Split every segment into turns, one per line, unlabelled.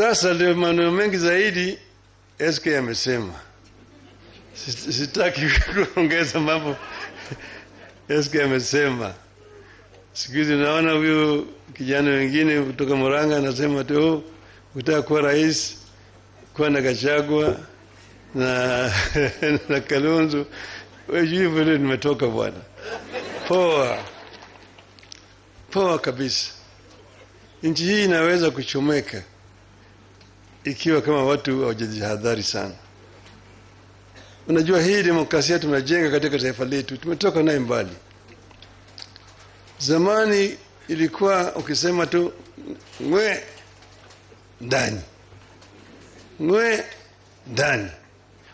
Sasa ndio maneno mengi zaidi SK amesema, sitaki kuongeza mambo. SK amesema. Siku hizi naona huyo kijana wengine kutoka Murang'a anasema tu oh, ukitaka kuwa rais kuwa na Gachagua na, na Kalonzo. Hivyo vile nimetoka bwana, poa poa kabisa. Nchi hii inaweza kuchomeka ikiwa kama watu hawajajihadhari sana. Unajua, hii demokrasia tumejenga katika taifa letu, tumetoka naye mbali. Zamani ilikuwa ukisema tu ngwe ndani, ngwe ndani,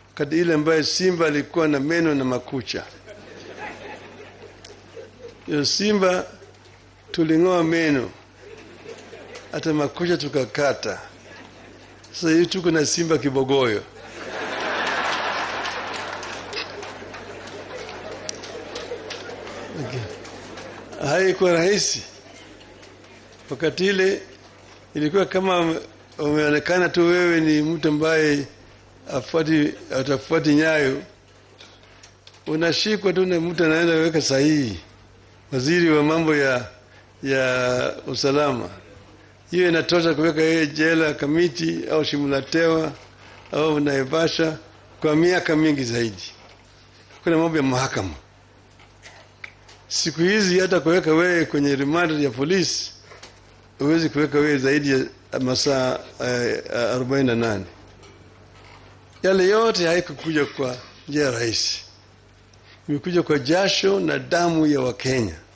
wakati ile ambayo simba alikuwa na meno na makucha. Yo simba tuling'oa meno, hata makucha tukakata sasa hivi tuko na simba kibogoyo. Okay. Haikuwa rahisi wakati ile, ilikuwa kama umeonekana tu wewe ni mtu ambaye afuati atafuati nyayo, unashikwa tu na mtu anaenda weka sahihi, waziri wa mambo ya ya usalama hiyo inatosha kuweka yeye jela Kamiti au Shimulatewa au Naivasha kwa miaka mingi zaidi. Kuna mambo ya mahakama siku hizi, hata kuweka wewe kwenye rimand ya polisi huwezi kuweka wewe zaidi ya masaa eh, arobaini na nane. Yale yote haikukuja kwa njia rahisi, imekuja kwa jasho na damu ya Wakenya.